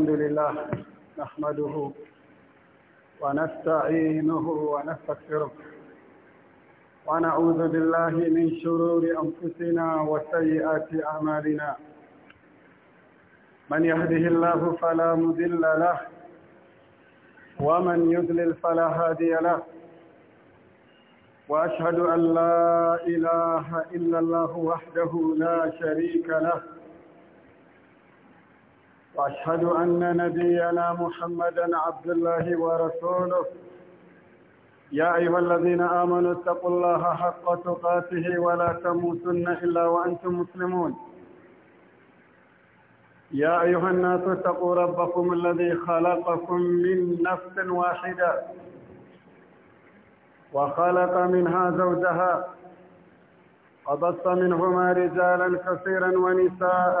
الحمد لله نحمده ونستعينه ونستغفره ونعوذ بالله من شرور أنفسنا وسيئات أعمالنا من يهده الله فلا مذل له ومن يذلل فلا هادي له وأشهد أن لا إله إلا الله وحده لا شريك له وأشهد أن نبينا محمدا عبد الله ورسوله يا أيها الذين آمنوا اتقوا الله حق تقاته ولا تموتن إلا وأنتم مسلمون يا أيها الناس اتقوا ربكم الذي خلقكم من نفس واحدة وخلق منها زوجها وبص منهما رجالا كثيرا ونساء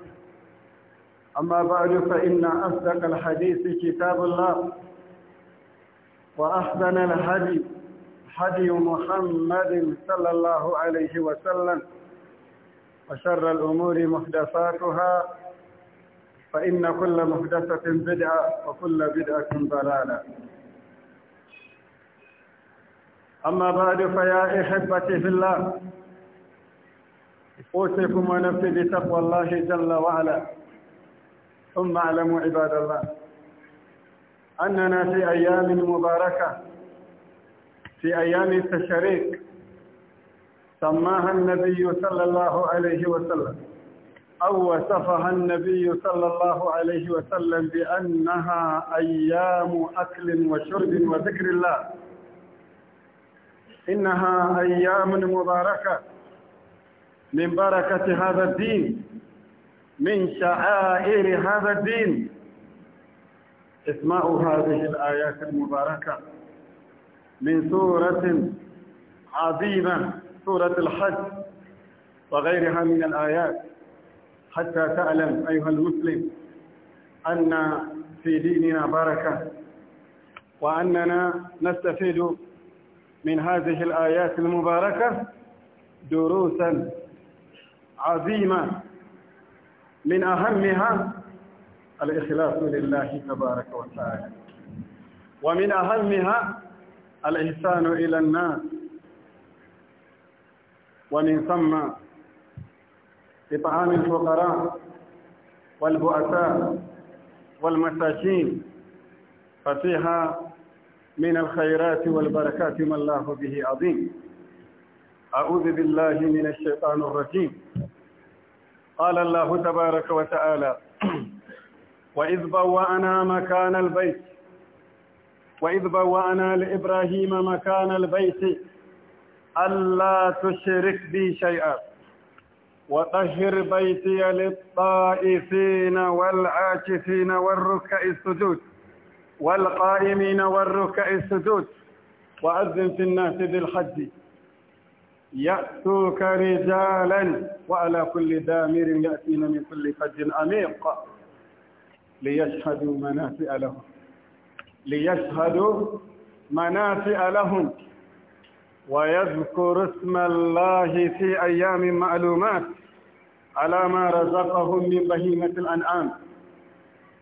أما بعد فإن أصدق الحديث كتاب الله وأحسن الهدي هدي محمد صلى الله عليه وسلم وشر الأمور محدثاتها فإن كل محدثة بدعة وكل بدعة ضلالة أما بعد فيا إحبتي في الله أوصيكم ونفسي بتقوى الله جل وعلا ثم اعلموا عباد الله أننا في أيام مباركة في أيام التشريق سماها النبي صلى الله عليه وسلم أو وصفها النبي صلى الله عليه وسلم بأنها أيام أكل وشرب وذكر الله إنها أيام مباركة من بركة هذا الدين من شعائر هذا الدين اسمعوا هذه الآيات المباركة من سورة عظيمة سورة الحج وغيرها من الآيات حتى تعلم أيها المسلم أن في ديننا بركة وأننا نستفيد من هذه الآيات المباركة دروسا عظيمة من أهمها الإخلاص لله تبارك وتعالى ومن أهمها الإحسان إلى الناس ومن ثم إطعام الفقراء والبؤساء والمساكين ففيها من الخيرات والبركات ما الله به عظيم أعوذ بالله من الشيطان الرجيم قال الله تبارك وتعالى وإذ بوأنا مكان البيت وإذ بوأنا لإبراهيم مكان البيت ألا تشرك بي شيئا وطهر بيتي للطائفين والعاكفين والركع السجود والقائمين والركع السجود وأذن في الناس بالحج يأتوك رجالا وعلى كل دامر يأتين من كل فج عميق ليشهدوا منافع لهم ليشهدوا منافع لهم ويذكر اسم الله في أيام معلومات على ما رزقهم من بهيمة الأنعام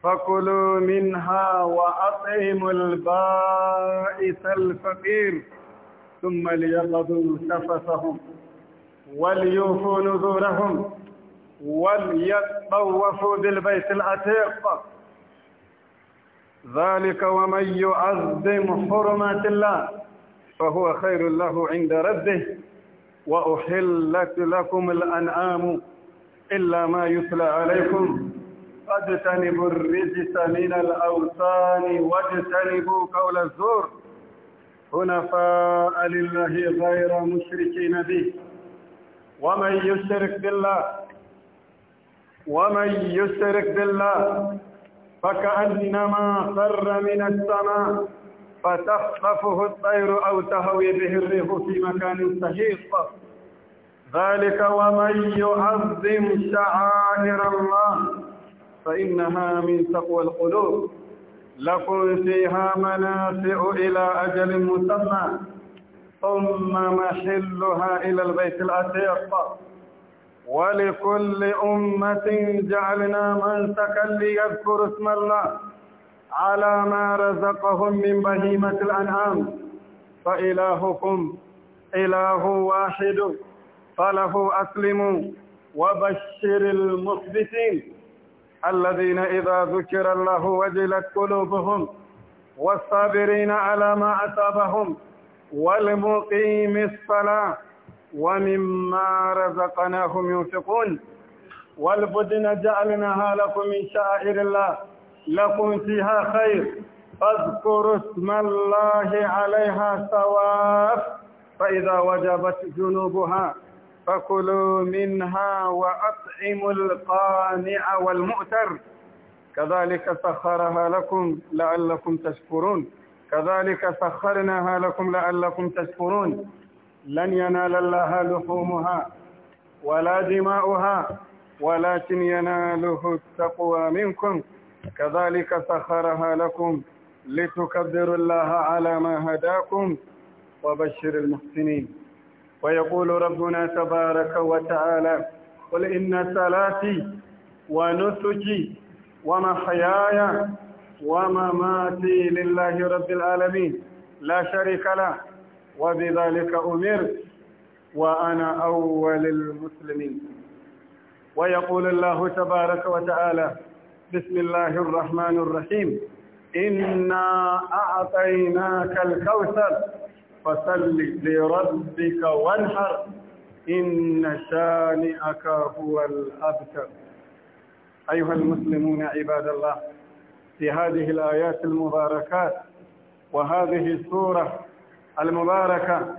فكلوا منها وأطعموا البائس الفقير ثم ليقضوا نفسهم وليوفوا نذورهم وليطوفوا بالبيت العتيق ذلك ومن يعظم حرمات الله فهو خير له عند ربه وأحلت لكم الأنعام إلا ما يتلى عليكم فاجتنبوا الرجس من الأوثان واجتنبوا قول الزور حنفاء لله غير مشركين به ومن يشرك بالله ومن يشرك بالله فكأنما خر من السماء فتخطفه الطير أو تهوي به الريح في مكان سحيق ذلك ومن يعظم شعائر الله فإنها من تقوى القلوب لكم فيها منافع إلى أجل مسمى ثم محلها إلى البيت العتيق ولكل أمة جعلنا منسكا ليذكر اسم الله على ما رزقهم من بهيمة الأنعام فإلهكم إله واحد فله أسلموا وبشر المخبتين الذين إذا ذكر الله وجلت قلوبهم والصابرين على ما أصابهم والمقيم الصلاة ومما رزقناهم ينفقون والبدن جعلناها لكم من شعائر الله لكم فيها خير فاذكروا اسم الله عليها سواف فإذا وجبت جنوبها فكلوا منها وأطعموا القانع والمؤتر كذلك سخرها لكم لعلكم تشكرون كذلك سخرناها لكم لعلكم تشكرون لن ينال الله لحومها ولا دماؤها ولكن يناله التقوى منكم كذلك سخرها لكم لتكبروا الله على ما هداكم وبشر المحسنين ويقول ربنا تبارك وتعالى قل إن صلاتي ونسكي ومحياي ومماتي لله رب العالمين لا شريك له وبذلك أمرت وأنا أول المسلمين ويقول الله تبارك وتعالى بسم الله الرحمن الرحيم إنا أعطيناك الكوثر فصل لربك وانحر إن شانئك هو الأبتر أيها المسلمون عباد الله في هذه الآيات المباركات وهذه السورة المباركة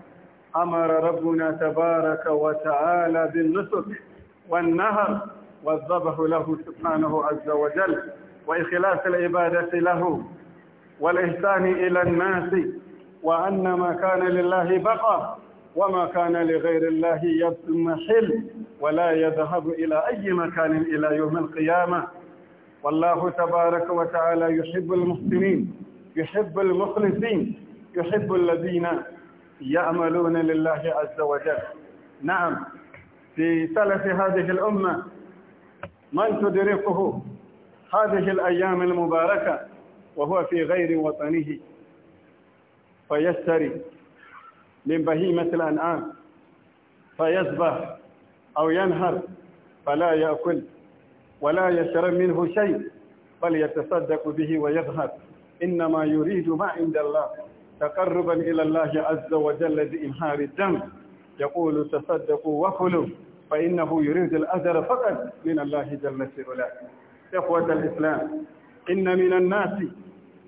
أمر ربنا تبارك وتعالى بالنسك والنهر والذبح له سبحانه عز وجل وإخلاص العبادة له والإحسان إلى الناس وأن ما كان لله بقى وما كان لغير الله يضمحل ولا يذهب إلى أي مكان إلى يوم القيامة والله تبارك وتعالى يحب المحسنين يحب المخلصين يحب الذين يعملون لله عز وجل نعم في سلف هذه الأمة من تدركه هذه الأيام المباركة وهو في غير وطنه فيشتري من بهيمة الأنعام فيذبح أو ينهر فلا يأكل ولا يشرب منه شيء بل يتصدق به ويظهر إنما يريد ما عند الله تقربا إلى الله عز وجل بإنهار الدم يقول تصدقوا وكلوا فإنه يريد الأجر فقط من الله جل في علاه إخوة الإسلام إن من الناس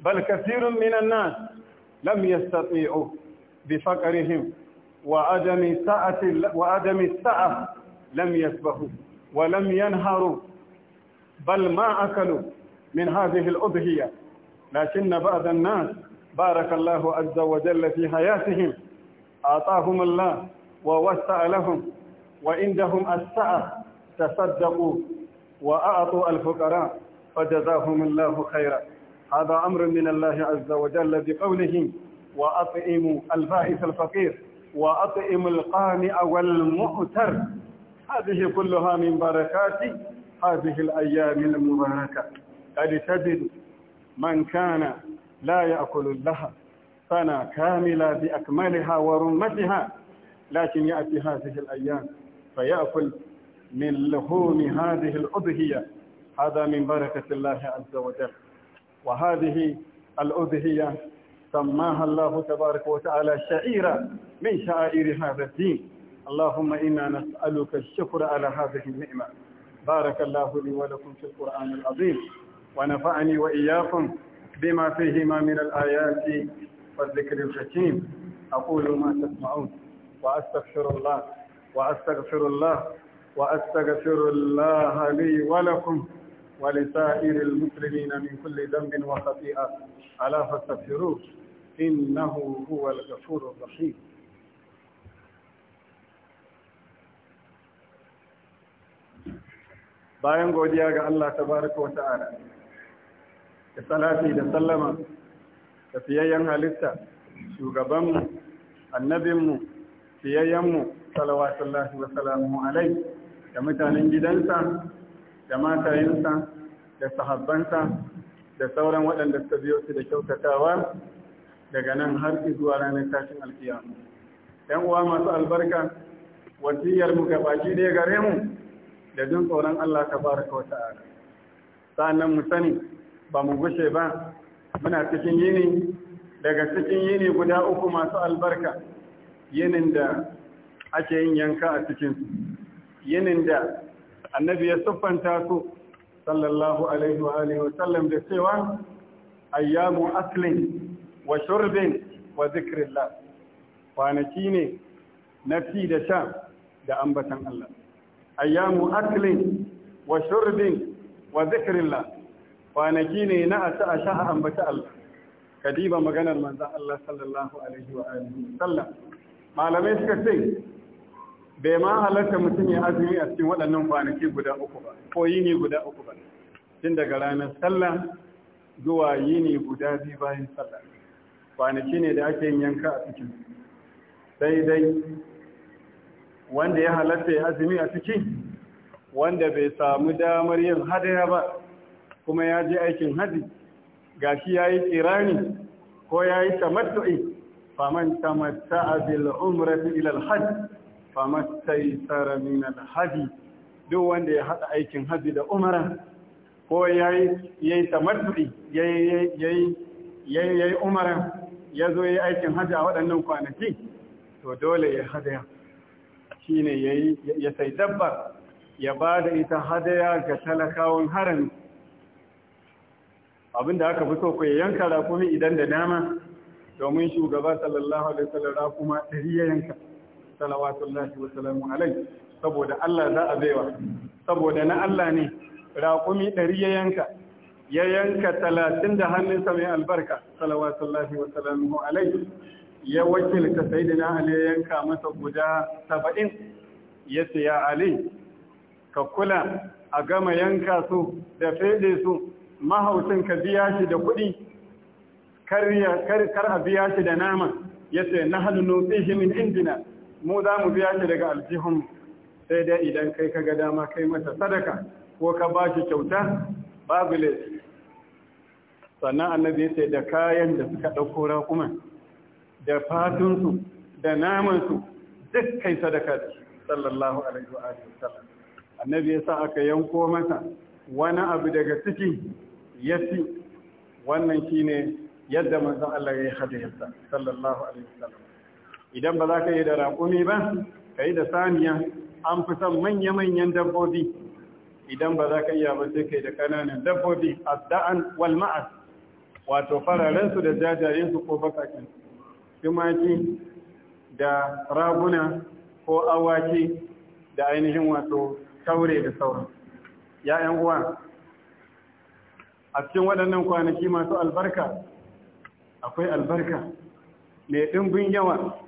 بل كثير من الناس لم يستطيعوا بفقرهم وعدم سعة وعدم السعة لم يسبحوا ولم ينهروا بل ما أكلوا من هذه الأضحية لكن بعض الناس بارك الله عز وجل في حياتهم أعطاهم الله ووسع لهم وعندهم السعة تصدقوا وأعطوا الفقراء فجزاهم الله خيرا هذا أمر من الله عز وجل بقوله وأطئم البائس الفقير وأطئم القانع والمؤتر هذه كلها من بركات هذه الأيام المباركة قد تجد من كان لا يأكل لها سنة كاملة بأكملها ورمتها لكن يأتي هذه الأيام فيأكل من لحوم هذه الأضحية هذا من بركة الله عز وجل وهذه الأذهية سماها الله تبارك وتعالى شعيرا من شعائر هذا الدين اللهم إنا نسألك الشكر على هذه النعمة بارك الله لي ولكم في القرآن العظيم ونفعني وإياكم بما فيهما من الآيات والذكر الحكيم أقول ما تسمعون وأستغفر الله وأستغفر الله وأستغفر الله لي ولكم ولسائر المسلمين من كل ذنب وخطيئة ألا فاستغفروه إنه هو الغفور الرحيم bayan godiya ga Allah tabaraka wa ta'ala da salati da sallama da fiyayyen halitta shugabanmu annabinmu fiyayyenmu salawatullahi wa salamu alai da mutanen gidansa da matayinsa da sahabbanta, da sauran waɗanda suka biyo su da kyautatawa daga nan har zuwa ranar tashin alkiya ‘yan uwa masu albarka wasiyar mu baki ne gare mu da jin tsoron Allah ta wata ala, ta'ala nan mu sani ba mu gushe ba muna cikin yini daga cikin yini guda uku masu albarka yinin da ake yin yanka a cikinsu yinin da annabi ya siffanta su sallallahu alaihi wa alihi wasallam da cewa ayyamu aslin wa shurbin wa zikrillah kwanaki ne na fi da sha da ambatan Allah ayyamu aslin wa shurbin wa zikrillah kwanaki ne na a sha a ambata Allah kadiba maganar manzon Allah sallallahu alaihi wa alihi wasallam malamai suka ce bai ma halarta mutum ya azumi a cikin waɗannan kwanaki guda uku ba ko yini guda uku ba tun daga ranar sallah zuwa yini guda biyu bayan sallah kwanaki ne da ake yin yanka a cikin sai dai wanda ya halarta ya azumi a cikin wanda bai samu damar yin hadaya ba kuma ya je aikin Ga gashi ya yi tsirani ko ya yi tamattu'i faman tamatta'a bil umrati ila al-hajj famattai tsara min alhaji duk wanda ya haɗa aikin haji da umara ko tamaddi yayi yayi yayi yayi umara yazo yayi aikin haji a waɗannan kwanaki to dole ya hadaya shi ne ya sai dabbar ya ba da ita hadaya ga talakawan harami abinda aka fi so ku yanka rakumi idan da dama domin shugaba sallallahu alaihi wasallam rakuma ɗari yanka salawatullahi wa salamu alai saboda Allah za a baiwa saboda na Allah ne raƙumi ɗari ya yanka ya yanka talatin da hannunsa mai albarka salawatullahi wa salamu alai ya wakilta sai da na ya yanka masa guda saba'in ya ya ali ka kula a gama yanka su da fede su mahaucin ka biya shi da kuɗi kar a biya shi da nama ya ce na hannu nufi shi min indina mu za mu biya shi daga aljihun sai dai idan kai ka ga dama kai mata sadaka ko ka ba shi kyauta babu laifi sannan annabi ya da kayan da suka ɗauko rakuman da fatunsu da namansu duk kai sadaka sallallahu alaihi wa sallam annabi ya sa aka yanko masa wani abu daga ciki ya ci wannan shine yadda manzon Allah ya yi hadiyarsa sallallahu alaihi wa sallam idan ba za ka yi da raƙumi ba ka yi da saniya an fi son manya-manyan dabbobi idan ba za ka iya ba sai ka yi da ƙananan dabbobi a da'an walma'as wato fararensu da jajayensu ko bakakin tumaki da raguna ko awaki da ainihin wato taure da sauran ya'yan uwa a cikin waɗannan kwanaki masu albarka akwai albarka mai ɗimbin yawa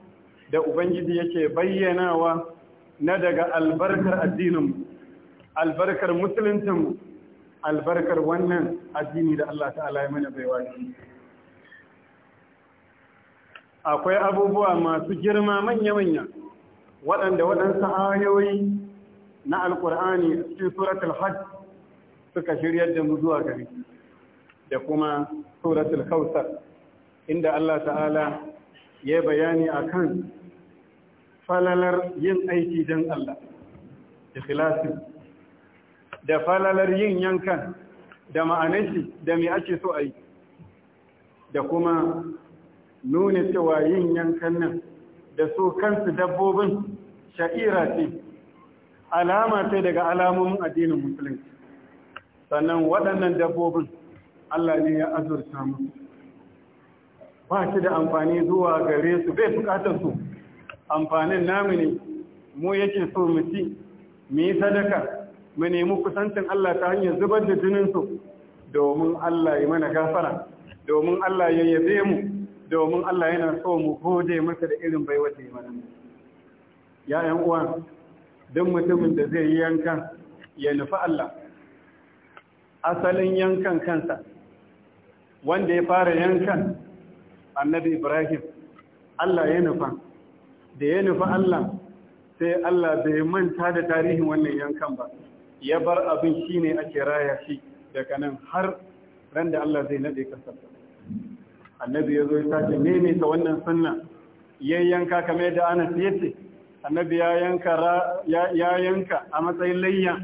da ubangiji yake bayyanawa na daga albarkar addinin albarkar musuluncinmu, albarkar wannan addini da Allah ta'ala ya mana baiwa akwai abubuwa masu girma manya-manya waɗanda waɗansu ayoyi na alkur'ani cikin suratul hajj suka shiryar da mu zuwa gari da kuma suratul kautsar inda Allah ta'ala ya bayani akan falalar yin aiki don Allah da falalar yin yankan da ma'anashi da mai ake so a yi da kuma nuna cewa yin yankan nan da su kansu dabbobin sha'ira ce alama ta daga alamomin addinin musulunci sannan waɗannan dabbobin Allah ne ya azurta musu ba shi da amfani zuwa gare su bai bukatar su amfanin namu ne mu yake so mu ci mu yi sadaka mu nemi kusancin Allah ta hanyar zubar da jinin su domin Allah ya mana gafara domin Allah ya yabe mu domin Allah yana so mu gode masa da irin baiwa da mana ya yan uwa duk mutumin da zai yi yanka ya nufi Allah asalin yankan kansa wanda ya fara yankan annabi Ibrahim Allah ya nufa da ya nufa Allah sai Allah bai manta da tarihin wannan yankan ba ya bar abin shi ne ake raya shi daga nan har ran da Allah zai nade kasa annabi ya zo ya sace mene ta wannan sunna ya yanka kamar da ana yace annabi ya yanka a matsayin layya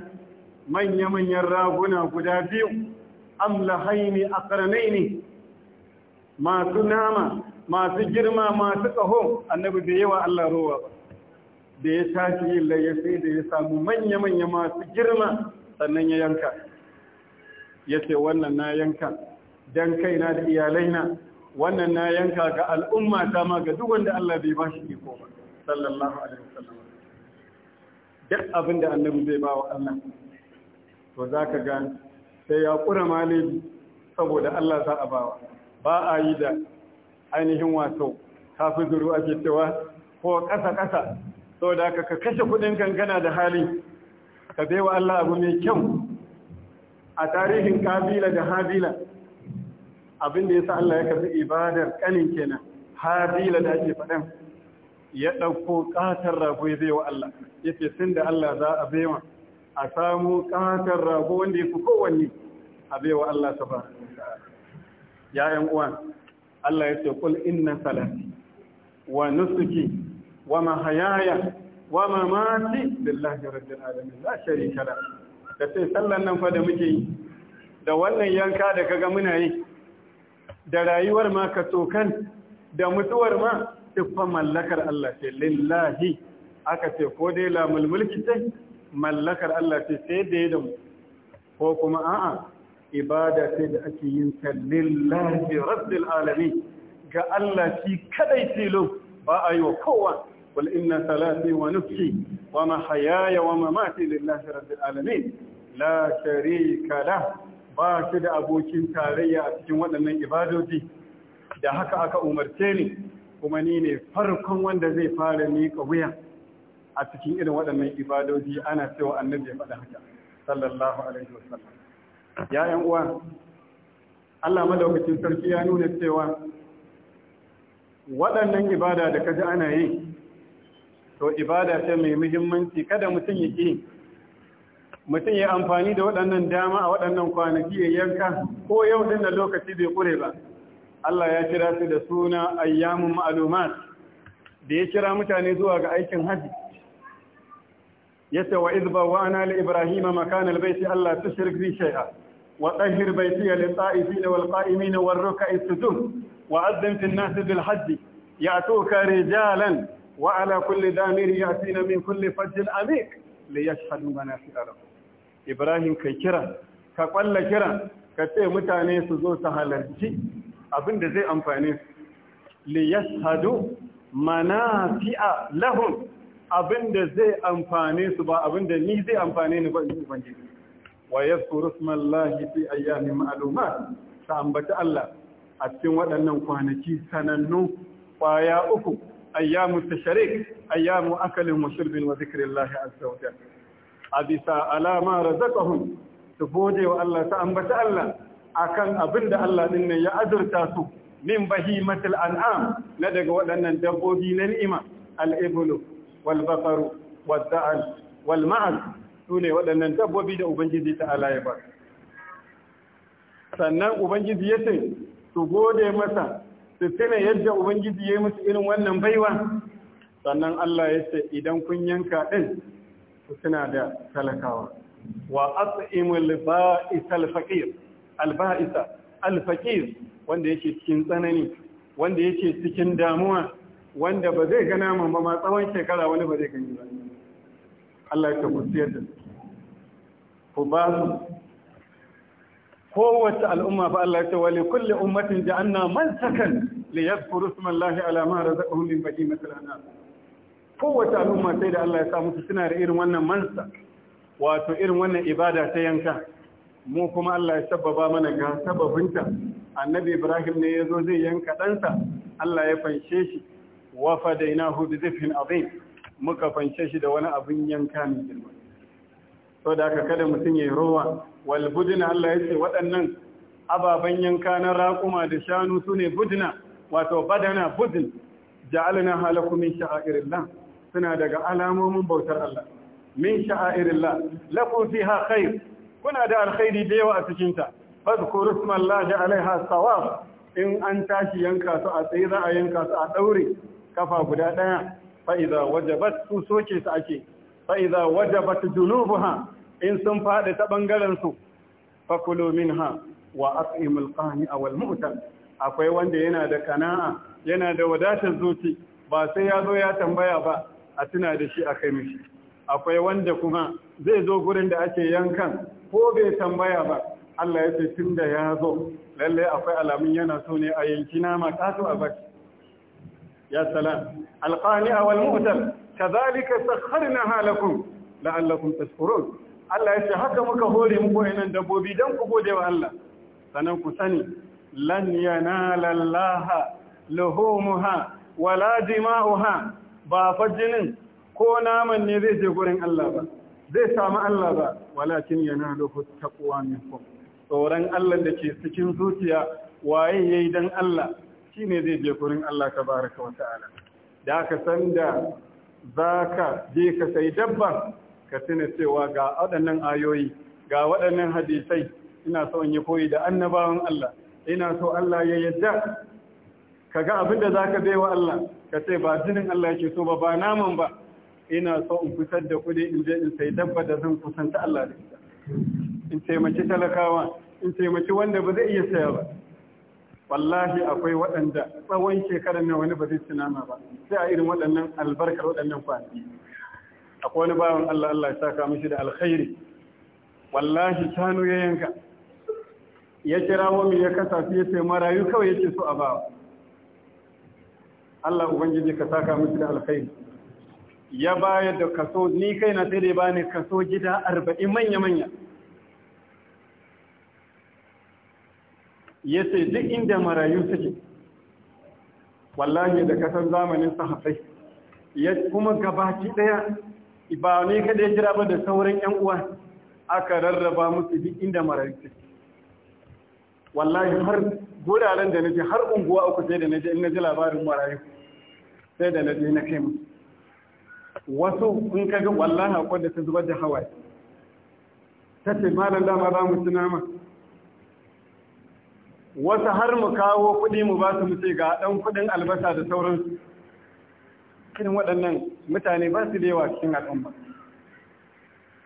manya manyan raguna guda biyu haini a ƙaranai ne. masu nama masu girma masu ƙaho annabi da yawa Allah ruwa ba da ya tashi yin laye sai da ya samu manya-manya masu girma sannan ya yanka ya ce wannan na yanka don na da iyalaina wannan na yanka ga al'umma ta ma ga duk wanda Allah bai ba shi iko ba sallallahu alaihi wasallam duk abin da annabi zai ba wa Allah to za ka gani sai ya kura malibi saboda Allah za a bawa ba a yi da ainihin wato kafin zuru ake cewa ko ƙasa-ƙasa sau da ka kashe kudin gangana da hali ka wa Allah abu mai kyau a tarihin kabila da habila abinda ya sa Allah ya kafi ibadar kanin kenan habila da ake faɗin ya ɗauko ƙatar rago ya zai wa Allah ya ce sun da Allah za a bewa a samu ƙatar rago wanda ya fi kowanne a bewa Allah ta ba. ya yan uwan Allah ya ce kul inna salati wa nusuki wa mahayaya wa mamati lillahi rabbil alamin la sharika la da sai sallan nan fa da muke yi da wannan yanka da kaga muna yi da rayuwar ma ka tokan da mutuwar ma tuffa mallakar Allah ce lillahi aka ce ko dai lamul mulki ce mallakar Allah ce sai da da mu ko kuma a'a ibada sai da ake yin ta lillahi rabbil alamin ga Allah shi kadai tilo ba a yi wa kowa wal inna salati wa nufi wa mahayaya wa mamati lillahi rabbil alamin la sharika la ba shi da abokin tarayya a cikin waɗannan ibadoji da haka aka umarce ni kuma ni ne farkon wanda zai fara miƙa wuya a cikin irin waɗannan ibadoji ana cewa annabi ya faɗa haka sallallahu alaihi wasallam ya yan uwa Allah madaukacin sarki ya nuna cewa waɗannan ibada da kaji ana yi to ibada ce mai muhimmanci kada mutum ya ƙi mutum ya amfani da waɗannan dama a waɗannan kwanaki ya yanka ko yau din da lokaci bai ƙure ba Allah ya kira su da suna ayyamun ma'alumat da ya kira mutane zuwa ga aikin haji yace wa idba wa ana li ibrahima makanal baiti Allah tushrik bi shay'a وطهر بيتي للطائفين والقائمين والركع السجود وأذن في الناس بالحج يأتوك رجالا وعلى كل دامير يأتين من كل فج عميق ليشهدوا منافع لهم إبراهيم كي كرا كقل كرا كتي متاني سزو سهلنشي أبن دزي أمفاني ليشهدوا منافع لهم abin da zai amfane su ba abin da ni zai amfane ni ba in ubangiji Wayar yadhkuru ismallahi fi ayyamin ma'lumat ta ambata Allah a cikin waɗannan kwanaki sanannu ƙwaya uku ayyamu tashrik ayyamu akalin wa shurbin wa zikrillahi azza a bisa abisa alama hun su gode wa Allah ta ambata Allah A abin da Allah din ya azurta su min bahimatil an'am na daga waɗannan dabbobi na ni'ima al ibulu wal baqaru wal da'al wal ma'az su ne waɗannan dabbobi da ubangiji ta ala ya ba sannan ubangiji ya ce su gode masa su tuna yadda ubangiji ya yi musu irin wannan baiwa sannan Allah ya ce idan kun yanka ɗin ku tuna da talakawa wa at'imul alba'isa faqir alba'isa alfaqir wanda yake cikin tsanani wanda yake cikin damuwa wanda ba zai gana mun ma tsawon shekara wani ba zai gani ba Allah ya siyar da ku ba su kowace al'umma fa Allah ya ce wa kulli ummatin man mansakan li yadhkuru Allahi ala ma razaqahum min al anam kowace al'umma sai da Allah ya sa musu suna da irin wannan mansa wato irin wannan ibada ta yanka mu kuma Allah ya sababa mana ga sababinta annabi Ibrahim ne yazo zai yanka ɗansa Allah ya fanshe shi wa fadainahu bi dhifin azim muka fanshe shi da wani abin yanka mai girma sau da aka kada mutum ya yi rowa walbudina Allah ya ce waɗannan ababen yanka na raƙuma da shanu su ne budina wato badana budin ja'alna halakku min sha'airillah suna daga alamomin bautar Allah min sha'airillah lakum ha khair kuna da alkhairi da yawa a cikin ta fadhkuru ismallahi alaiha sawab in an tashi yanka su a tsaye za a yanka su a daure kafa guda ɗaya. fa idza wajabat su soke su ake fa'iza wajabat ha, in sun faɗi ta ɓangarensu. su fakulu minha wa yi qani'a a walmutan. akwai wanda yana da kana'a yana da wadatar zuci ba sai ya zo ya tambaya ba a tuna da shi akai mishi akwai wanda kuma zai zo gurin da ake yankan ko bai tambaya ba Allah ya ce tun da ya zo lallai akwai alamun yana so ne a yanki nama kato a baki ya salam alqani wal mu'tal kazalika sakharnaha lakum la'allakum tashkurun Allah ya ce haka muka hore muku ainihin dabbobi don ku gode wa Allah sannan ku sani lan yanala laha luhumuha wala dima'uha ba fa jinin ko naman ne zai je gurin Allah ba zai samu Allah ba walakin yanaluhu taqwa minkum tsoron Allah da ke cikin zuciya waye yayi dan Allah shine zai je gurin Allah tabaraka wa ta'ala da aka san da za ka je ka sai dabban ka tuna cewa ga waɗannan ayoyi ga waɗannan hadisai ina so in yi koyi da annabawan Allah ina so Allah ya yadda ka ga abin da za ka baiwa Allah ka ce ba jinin Allah yake so ba ba naman ba ina so in fitar da kuɗi in je in sai dabba da zan kusanta Allah da ita in taimaki talakawa in taimaki wanda ba zai iya saya ba wallahi akwai waɗanda tsawon shekarar nan wani ba zai ci nama ba sai a irin waɗannan albarkar waɗannan kwanaki akwai wani bawan Allah Allah ya saka mishi da alkhairi wallahi shanu ya yanka ya kira mai ya kasa su ya ce marayu kawai yake so a bawa Allah ubangiji ka saka mishi da alkhairi ya bayar da kaso ni kaina sai dai bani kaso gida arba'in manya-manya ya ce duk inda marayu suke wallahi da kasar zamanin sahafai ya kuma gabaci daya ba ne kada ya jira ba da sauran yan uwa aka rarraba musu duk inda marayu suke wallahi har guraren da naje har unguwa uku sai da naje in naji labarin marayu sai da naje na kai musu wasu in kaga wallahi akwai da ta zubar da hawaye ta ce malam dama za mu tunama wasu har mu kawo kuɗi mu ba su mu ce ga ɗan kuɗin albasa da sauransu irin waɗannan mutane ba su da yawa cikin al'umma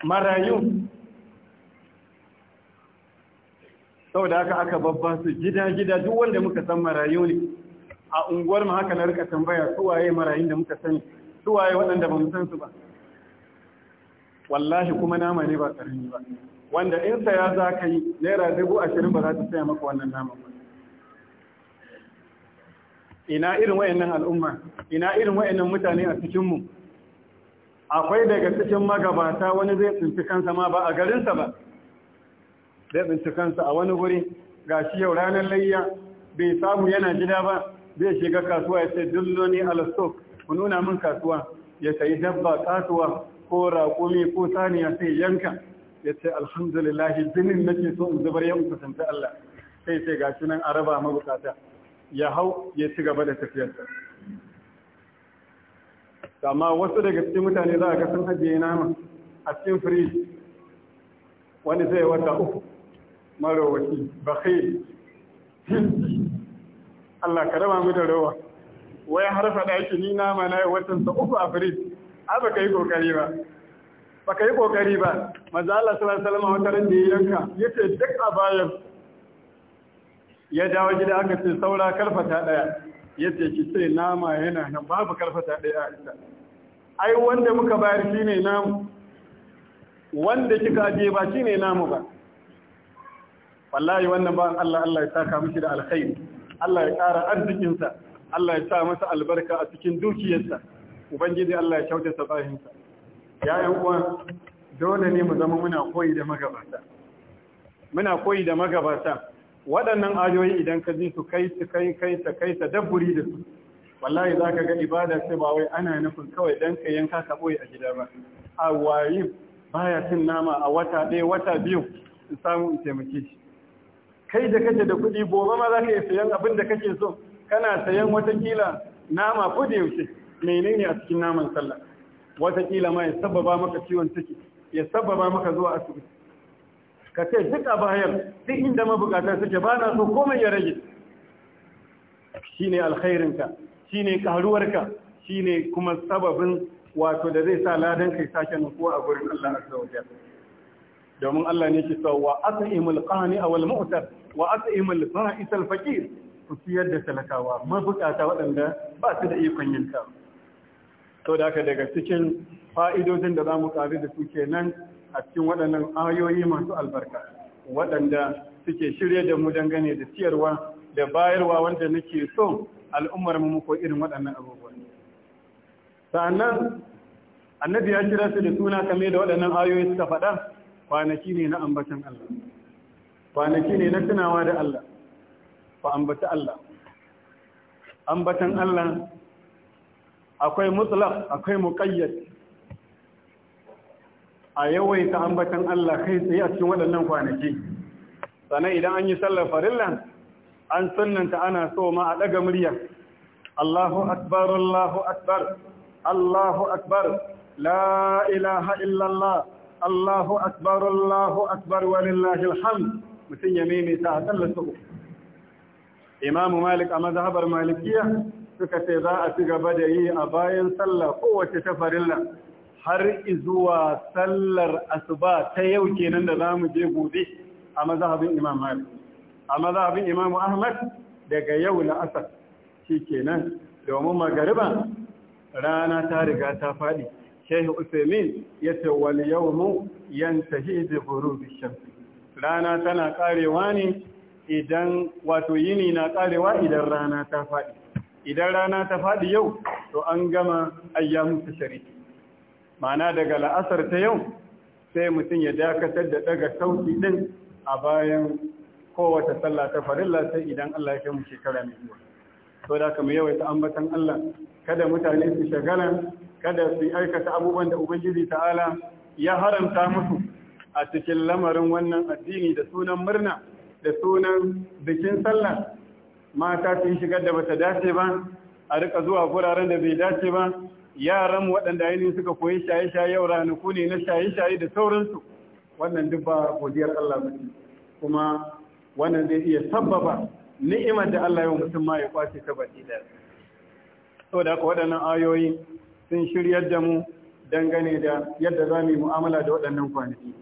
marayu Sau da aka babba su gida-gida duk wanda muka san marayu ne a unguwar mu haka na rika tambaya suwaye marayun da muka sani suwaye waɗanda ba mu san su ba wallahi kuma nama ne ba ƙarni ba wanda in saya za ka yi naira dubu ashirin ba za ta saya maka wannan naman ba ina irin wayannan al'umma ina irin wayannan mutane a cikinmu akwai daga cikin magabata wani zai tsinci kansa ma ba a garinsa ba zai tsinci kansa a wani wuri ga shi yau ranar layya bai samu yana gida ba zai shiga kasuwa ya ce dulloni alastok ku nuna min kasuwa ya sayi dabba kasuwa ko raƙumi ko saniya sai yanka ya ce alhamdulillah jinin ke so in zubar ya kusanta Allah sai ce ga shi nan a raba mabukata ya hau ya ci gaba da tafiyarsa amma wasu daga cikin mutane za a ga sun ajiye nama a cikin firiji wani zai wata uku marowaci bakhil hindi Allah ka raba mu da rawa wai har faɗa shi ni nama na yi watan sa uku a firiji a baka yi kokari ba baka yi kokari ba Maza Allah sallallahu alaihi wasallam wata ran da ya yanka yace duk a bayan ya dawo gida aka ce saura karfata daya yace ki ce nama yana nan babu karfata daya Aisha ai wanda muka bayar shine namu wanda kika je ba shine namu ba wallahi wannan ba Allah Allah ya saka mishi da alkhairi Allah ya ƙara arzikinsa Allah ya sa masa albarka a cikin dukiyarsa ubangiji Allah ya kyautata bayinsa ya yan uwa dole ne mu zama muna koyi da magabata muna koyi da magabata waɗannan ayoyi idan ka ji su kai su kai kai ta kai ta dabburi da su wallahi za ka ga ibada sai ba wai ana nufin kawai dan ka yanka ka boye a gida ba a wayi baya cin nama a wata ɗaya wata biyu in samu in taimake shi kai da kake da kuɗi gobe ma za ka yi sayan abin da kake so kana sayan watakila nama ko da yaushe menene a cikin naman sallah watakila ma ya sababa maka ciwon ciki ya sababa maka zuwa asibiti ka ce duk a bayan duk inda mabukata suke ba na so komai ya rage Shi ne alkhairinka ne karuwarka ne kuma sababin wato da zai sa ladan kai sake nufuwa a gurin Allah a wa domin Allah ne ke cewa wa at'imul qani wal mu'tar wa at'imul a isar fakir su ciyar da talakawa mabukata waɗanda ba su da ikon yin kawo sau da aka daga cikin fa'idodin da za mu ƙari da suke nan a cikin waɗannan ayoyi masu albarka waɗanda suke shirya da mu dangane da ciyarwa da bayarwa wanda nake so al'ummar mu ko irin waɗannan abubuwa sa'annan annabi ya shirar su da suna kame da waɗannan ayoyi suka faɗa kwanaki ne na ambatan Allah kwanaki ne na tunawa da Allah ba ambata Allah ambatan Allah akwai mutlaq akwai muqayyad a yawaita ambatan Allah kai tsaye a cikin waɗannan kwanaki sannan idan an yi sallar farilla an sunnanta ana so ma a ɗaga murya Allahu akbar Allahu akbar Allahu akbar la ilaha illallah Allahu akbar Allahu akbar walillahi alhamd mutum ya maimaita a sallar su Imam Malik a mazhabar Malikiya suka ce za a ci gaba da yi a bayan sallah kowace ta farilla har zuwa sallar asuba ta yau kenan da za mu je gobe a mazhabin Imam Malik a mazhabin Imam Ahmad daga yau na shi kenan domin magariba rana ta riga ta faɗi Sheikh Usaimin ya ce wal yawmu yantahi bi ghurubi shams rana tana karewa ne idan wato yini na karewa idan rana ta faɗi idan rana ta faɗi yau to an gama ayyamu shari. ma'ana daga la'asar ta yau sai mutum ya dakatar da daga sauki din a bayan kowace sallah ta farilla sai idan Allah ya kai mu shekara mai zuwa to da kuma yawaita ambatan Allah kada mutane su shagala kada su aikata abubuwan da ubangiji ta'ala ya haramta musu a cikin lamarin wannan addini da sunan murna da sunan bikin sallah mata sun shigar da bata dace ba a rika zuwa guraren da bai dace ba yaran waɗanda ainihin suka koyi shaye-shaye yau ranaku ne na shaye-shaye da sauransu wannan duk ba godiyar Allah ba kuma wannan zai iya sabbaba ni'imar da Allah yau mutum ma ya kwace ta baki da da haka waɗannan ayoyi sun shiryar da mu dangane da yadda za mu yi mu'amala da waɗannan kwanaki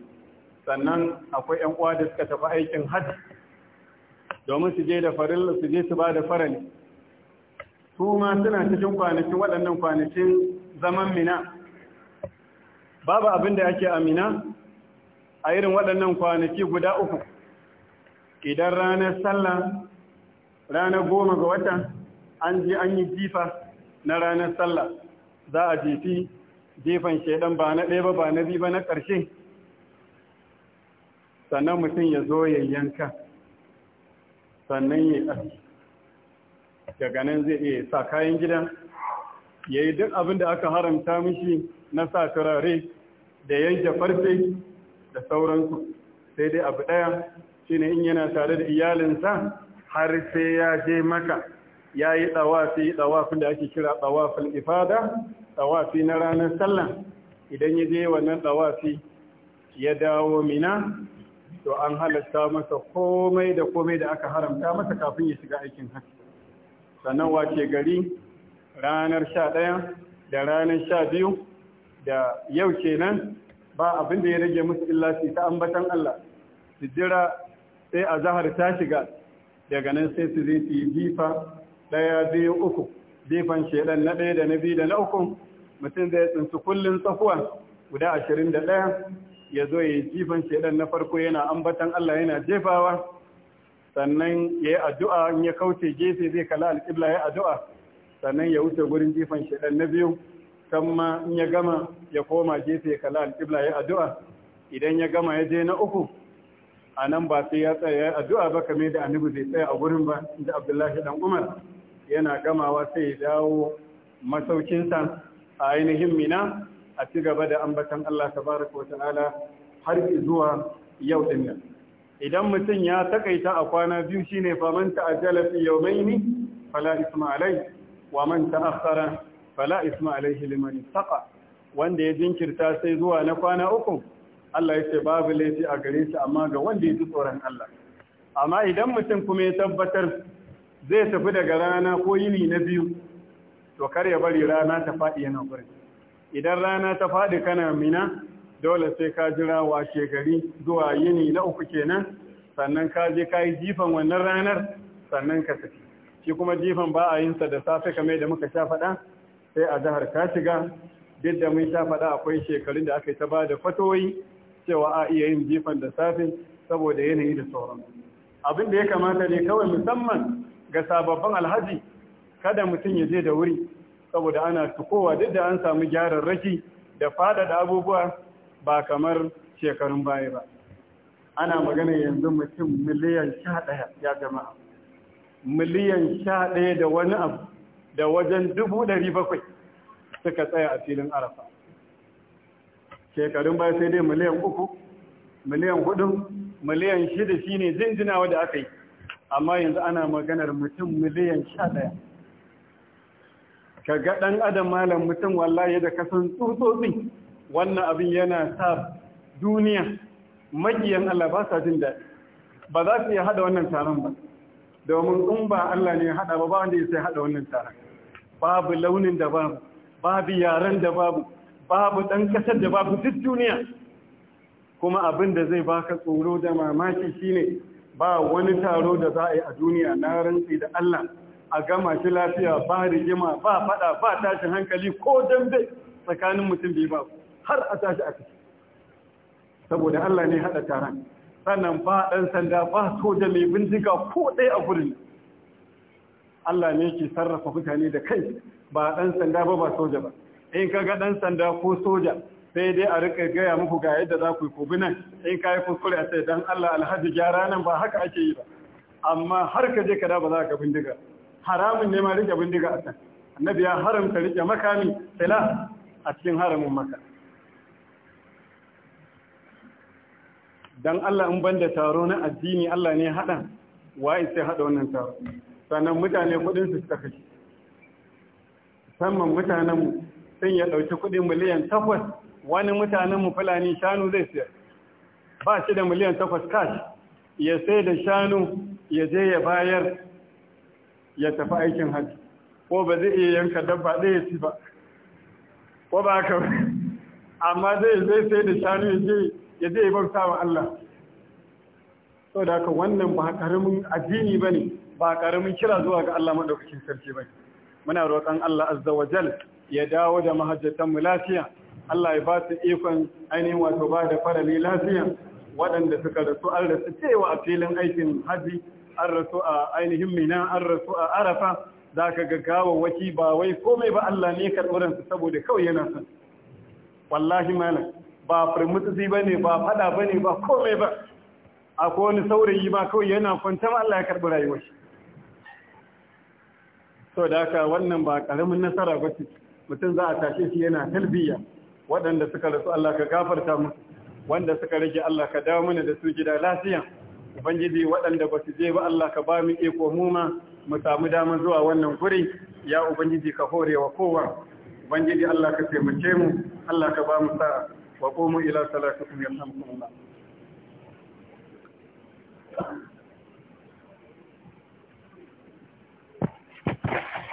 sannan akwai ƴan uwa da suka tafi aikin hajji domin su je da farilla su je su ba da farali su ma suna cikin kwanakin waɗannan kwanakin zaman mina babu abin da ake amina a irin waɗannan kwanaki guda uku idan ranar sallah ranar goma ga wata an ji an yi jifa na ranar sallah za a jefi jefan shaidan ba na ɗaya ba ba na biyu ba na ƙarshe sannan mutum ya zo ya yanka sannan ya daga nan zai iya sa kayan gida ya yi duk abin da aka haramta mishi na sa turare da yanke farfe da sauransu sai dai abu ɗaya shine in yana tare da iyalinsa har sai ya je maka ya yi ɗawafi ɗawafin da ake kira ɗawafin ifada ɗawafi na ranar sallah idan ya je wannan ɗawafi ya dawo mina to an halatta masa komai da komai da aka haramta masa kafin ya shiga aikin hajji sannan wace gari ranar sha ɗaya da ranar sha biyu da yau kenan ba abin da ya rage musu illa su ta ambatan Allah su jira sai a zahar ta shiga daga nan sai su zai su yi jifa ɗaya biyu uku jifan shedan na ɗaya da na biyu da na uku mutum zai tsinci kullum tsakuwa guda ashirin da ɗaya ya zo ya jifan shaidan na farko yana ambatan Allah yana jefawa sannan ya yi addu'a in ya kauce gefe zai kala alƙibla ya addu'a sannan ya wuce gurin jifan shaidan na biyu can ma in ya gama ya koma gefe ya kala alƙibla ya addu'a idan ya gama ya je na uku a nan ba sai ya tsaya ya addu'a ba kame da annabi zai tsaya a gurin ba da abdullahi dan umar yana gamawa sai ya dawo masaukinsa a ainihin mina a ci gaba da ambatan Allah tabaraka wa ta'ala har zuwa yau din nan idan mutum ya takaita a kwana biyu shine fa man ta'ajjala fi yawmayni fala isma alai wa man ta'akhkhara fala isma alaihi liman taqa wanda ya jinkirta sai zuwa na kwana uku Allah ya ce babu laifi a gare shi amma ga wanda ya ji tsoron Allah amma idan mutum kuma ya tabbatar zai tafi daga rana ko yini na biyu to kar ya bari rana ta faɗi yana gurin idan rana ta faɗi kana mina dole sai ka jira washe gari zuwa yini na uku kenan sannan ka je ka yi jifan wannan ranar sannan ka tafi shi kuma jifan ba a yinsa da safe kamar da muka sha faɗa sai a jihar ka shiga duk da mun sha faɗa akwai shekarun da aka yi ta ba da fatoyi cewa a iya yin jifan da safe saboda yanayi da sauran abin da ya kamata ne kawai musamman ga sababbin alhaji kada mutum ya je da wuri saboda ana tukowa duk da an samu gyararraki da faɗaɗa abubuwa ba kamar shekarun baya ba ana magana yanzu mutum miliyan sha ɗaya ya jama'a miliyan sha ɗaya da wani abu da wajen dubu ɗari bakwai suka tsaya a filin arafa shekarun baya sai dai miliyan uku miliyan hudu miliyan shida shine jinjinawa da aka yi amma yanzu ana maganar mutum miliyan sha ɗaya ka ga ɗan adam malam mutum wallahi da kasan tsotsotsi. wannan abin yana sa duniya Magiyan Allah ba sa jin daɗi ba za su iya haɗa wannan taron ba domin in ba Allah ne ya haɗa ba ba wanda ya sai haɗa wannan taron babu launin da babu babu yaren da babu babu ɗan ƙasar da babu duk duniya kuma abin da zai baka tsoro da mamaki shine ba wani taro da za a yi a duniya na rantsi da Allah a gama shi lafiya ba rigima ba fada ba tashin hankali ko dambe tsakanin mutum biyu ba har a tashi a ciki saboda Allah ne hada taron sannan ba dan sanda ba soja mai bindiga ko ɗaya a gurin Allah ne ke sarrafa mutane da kai ba dan sanda ba ba soja ba in ka ga dan sanda ko soja sai dai a rika gaya muku ga yadda za ku yi kobi nan in ka yi kuskure a sai dan Allah alhaji gyara nan ba haka ake yi ba amma har ka je ka da ba za ka bindiga haramun ne ma rike bindiga a can annabi ya haramta rike makami sila a cikin haramin maka dan Allah in banda taro na addini Allah ne hada waye sai hada wannan taro sannan mutane kudin su suka kashe musamman mutanenmu sun ya dauki kudin miliyan takwas wani mutanenmu fulani shanu zai siyar ba shi da miliyan takwas cash ya sai da shanu ya je ya bayar ya tafi aikin hajji ko ba zai iya yanka dabba ɗaya ci ba ko ba haka amma zai zai sai da shanu ya je ya zai bauta wa Allah to da haka wannan ba karamin addini ne ba karamin kira zuwa ga Allah madaukakin sarki bane muna roƙon Allah azza wa jal ya dawo da mahajjatan mu lafiya Allah ya ba su ikon ainihin wato ba da farali lafiya waɗanda suka rasu an rasu cewa a filin aikin haji an rasu a ainihin mina an rasu a arafa za ka gaggawa waki ba wai komai ba Allah ne karɓuransu saboda kawai yana son wallahi malam ba firmutsi ba ne ba fada ba ne ba komai ba a wani saurayi ba kawai yana kwanta ma Allah ya karɓi rayuwar shi so da haka wannan ba ƙaramin nasara ba ce mutum za a tashe shi yana talbiya waɗanda suka rasu Allah ka gafarta musu wanda suka rage Allah ka dawo mana da su gida lafiya ubangiji waɗanda ba su je ba Allah ka ba mu iko mu ma mu samu dama zuwa wannan guri ya ubangiji ka hore wa kowa ubangiji Allah ka taimake mu Allah ka ba mu sa wa qumu ila salatikum yarhamkumullah Thank you.